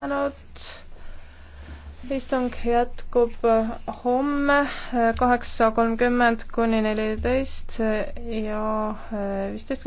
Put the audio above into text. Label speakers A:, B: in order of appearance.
A: tänud. istung jätkub äh, homme äh, kaheksa kolmkümmend kuni neliteist äh, ja viisteist kuni